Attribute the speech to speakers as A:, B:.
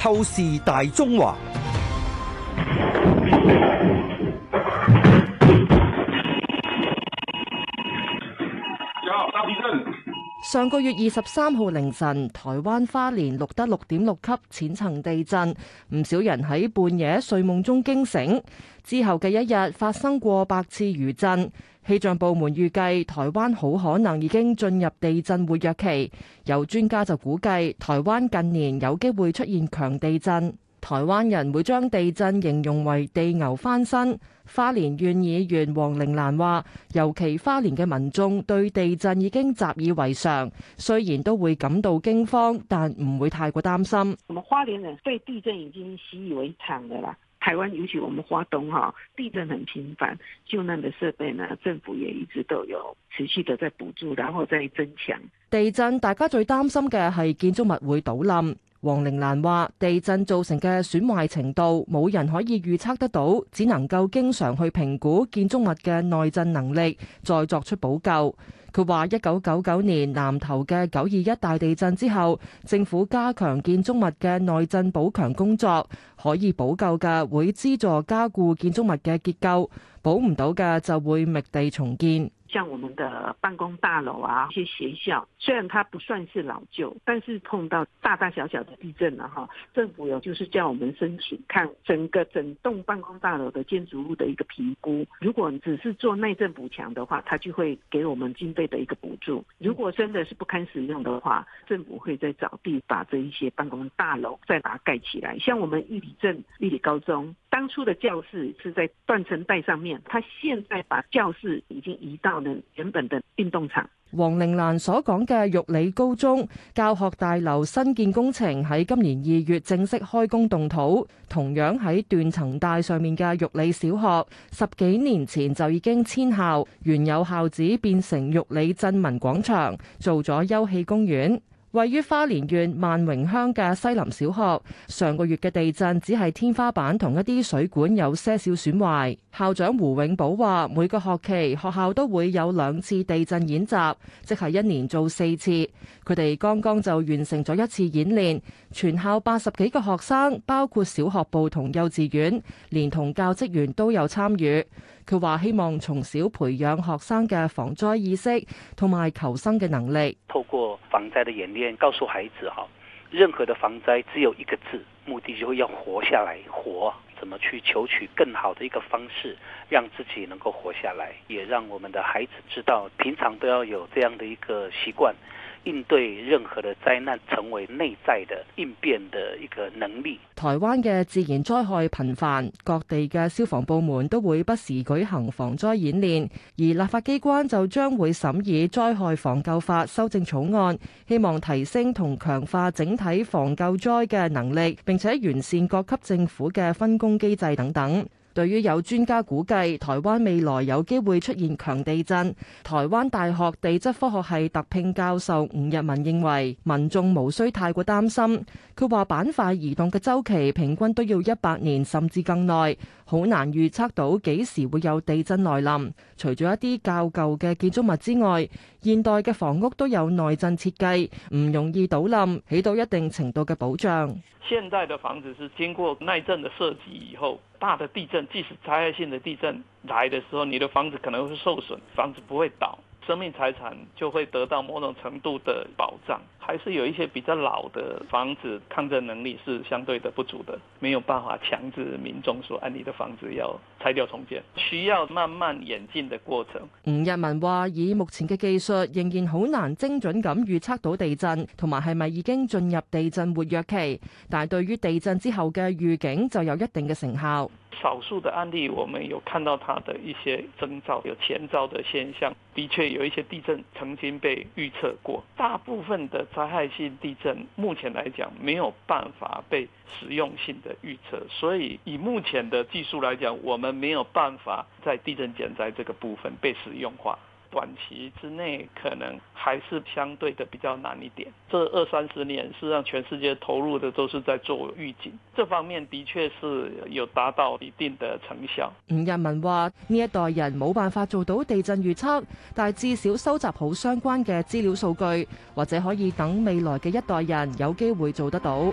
A: 透視大中華。
B: 上個月二十三號凌晨，台灣花蓮錄得六點六級淺層地震，唔少人喺半夜睡夢中驚醒。之後嘅一日發生過百次餘震，氣象部門預計台灣好可能已經進入地震活躍期。有專家就估計，台灣近年有機會出現強地震。台灣人會將地震形容為地牛翻身。花蓮縣議員黃玲蘭話：尤其花蓮嘅民眾對地震已經習以為常，雖然都會感到驚慌，但唔會太過擔心。
C: 花蓮人對地震已經習以為常噶啦。台灣尤其我們花東哈，地震很頻繁，救難嘅設備呢，政府也一直都有持續的在補助，然後再增強。
B: 地震大家最擔心嘅係建築物會倒冧。王玲蘭話：地震造成嘅損壞程度，冇人可以預測得到，只能夠經常去評估建築物嘅耐震能力，再作出補救。佢話一九九九年南投嘅九二一大地震之後，政府加強建築物嘅耐震補強工作，可以補救嘅會資助加固建築物嘅結構，補唔到嘅就會覓地重建。
C: 像我們的辦公大樓啊，一些學校，雖然它不算是老舊，但是碰到大大小小的地震啦，哈，政府有就是叫我們申請看整個整棟辦公大樓的建築物的一個評估。如果只是做耐震補強的話，佢就會給我們。經。的一個補助，如果真的是不堪使用的話，政府會再找地把這一些辦公大樓再把它蓋起來。像我們玉里鎮玉里高中，當初的教室是在斷層帶上面，他現在把教室已經移到了原本的運動場。
B: 黃玲蘭所講嘅玉里高中教學大樓新建工程喺今年二月正式開工動土，同樣喺斷層帶上面嘅玉里小學，十幾年前就已經遷校，原有校址變成玉里鎮民廣場，做咗休憩公園。位於花蓮縣萬榮鄉嘅西林小學，上個月嘅地震只係天花板同一啲水管有些少損壞。校長胡永寶話，每個學期學校都會有兩次地震演習，即係一年做四次。佢哋剛剛就完成咗一次演練，全校八十幾個學生，包括小學部同幼稚園，連同教職員都有參與。佢話希望從小培養學生嘅防災意識同埋求生嘅能力。
A: 透過防災的演練，告訴孩子任何的防災只有一個字，目的就會要活下來，活，怎麼去求取更好的一個方式，讓自己能夠活下來，也讓我們的孩子知道，平常都要有這樣的一個習慣。應對任何的災難成為內在的應變的一個能力。
B: 台灣嘅自然災害頻繁，各地嘅消防部門都會不時舉行防災演練，而立法機關就將會審議災害防救法修正草案，希望提升同強化整體防救災嘅能力，並且完善各級政府嘅分工機制等等。對於有專家估計台灣未來有機會出現強地震，台灣大學地質科學係特聘教授吳日文認為民眾無需太過擔心。佢話：板塊移動嘅周期平均都要一百年甚至更耐，好難預測到幾時會有地震來臨。除咗一啲較舊嘅建築物之外，現代嘅房屋都有耐震設計，唔容易倒冧，起到一定程度嘅保障。
A: 現在的房子是經過耐震嘅設計以後，大的地震。即使災害性的地震來的時候，你的房子可能會受損，房子不會倒，生命財產就會得到某種程度的保障。還是有一些比較老的房子抗震能力是相對的不足的，沒有辦法強制民眾說，啊你的房子要拆掉重建，需要慢慢演進的過程。
B: 吳日文話，以目前嘅技術，仍然好難精準咁預測到地震，同埋係咪已經進入地震活躍期。但係對於地震之後嘅預警，就有一定嘅成效。
A: 少數的案例，我們有看到它的一些徵兆，有前兆的現象，的確有一些地震曾經被預測過。大部分的災害性地震，目前來講沒有辦法被實用性的預測，所以以目前的技術來講，我們沒有辦法在地震減災這個部分被實用化。短期之內可能還是相對的比較難一點，這二三十年是讓全世界投入的都是在做預警，這方面的確是有達到一定的成效。
B: 吳日文話：呢一代人冇辦法做到地震預測，但至少收集好相關嘅資料數據，或者可以等未來嘅一代人有機會做得到。